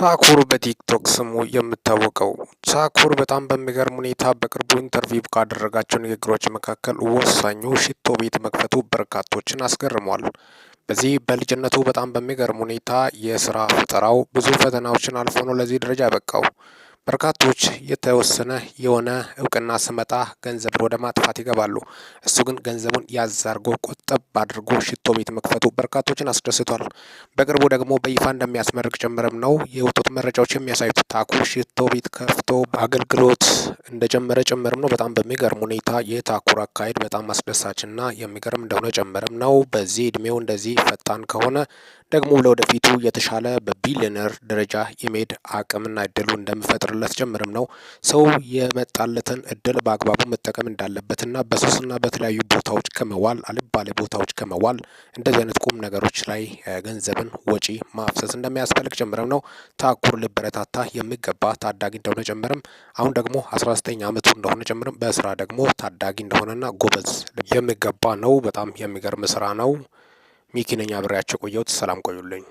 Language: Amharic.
ሳኩር በቲክቶክ ስሙ የምታወቀው ሳኩር በጣም በሚገርም ሁኔታ በቅርቡ ኢንተርቪው ካደረጋቸው ንግግሮች መካከል ወሳኙ ሽቶ ቤት መክፈቱ በርካቶችን አስገርሟል። በዚህ በልጅነቱ በጣም በሚገርም ሁኔታ የስራ ፈጠራው ብዙ ፈተናዎችን አልፎ ነው ለዚህ ደረጃ ያበቃው። በርካቶች የተወሰነ የሆነ እውቅና ስመጣ ገንዘብ ወደ ማጥፋት ይገባሉ። እሱ ግን ገንዘቡን ያዛርጎ ቆጠብ አድርጎ ሽቶ ቤት መክፈቱ በርካቶችን አስደስቷል። በቅርቡ ደግሞ በይፋ እንደሚያስመርቅ ጭምርም ነው የወጡት መረጃዎች የሚያሳዩት። ታኩ ሽቶ ቤት ከፍቶ አገልግሎት እንደጀመረ ጭምርም ነው። በጣም በሚገርም ሁኔታ የታኩር አካሄድ በጣም አስደሳችና የሚገርም እንደሆነ ጭምርም ነው። በዚህ እድሜው እንደዚህ ፈጣን ከሆነ ደግሞ ለወደፊቱ የተሻለ በቢሊዮነር ደረጃ የመሄድ አቅምና እድሉ እንደምፈጥር መፍጠር ለስጀምርም ነው ሰው የመጣለትን እድል በአግባቡ መጠቀም እንዳለበትና በሱስና በተለያዩ ቦታዎች ከመዋል አልባሌ ቦታዎች ከመዋል እንደዚህ አይነት ቁም ነገሮች ላይ ገንዘብን ወጪ ማፍሰስ እንደሚያስፈልግ ጀምርም ነው ታኩር ልበረታታ የሚገባ ታዳጊ እንደሆነ ጀምርም አሁን ደግሞ 19 አመቱ እንደሆነ ጀምርም በስራ ደግሞ ታዳጊ እንደሆነና ጎበዝ የሚገባ ነው። በጣም የሚገርም ስራ ነው። ሚኪነኛ ብሬያቸው ቆየሁት። ሰላም ቆዩልኝ።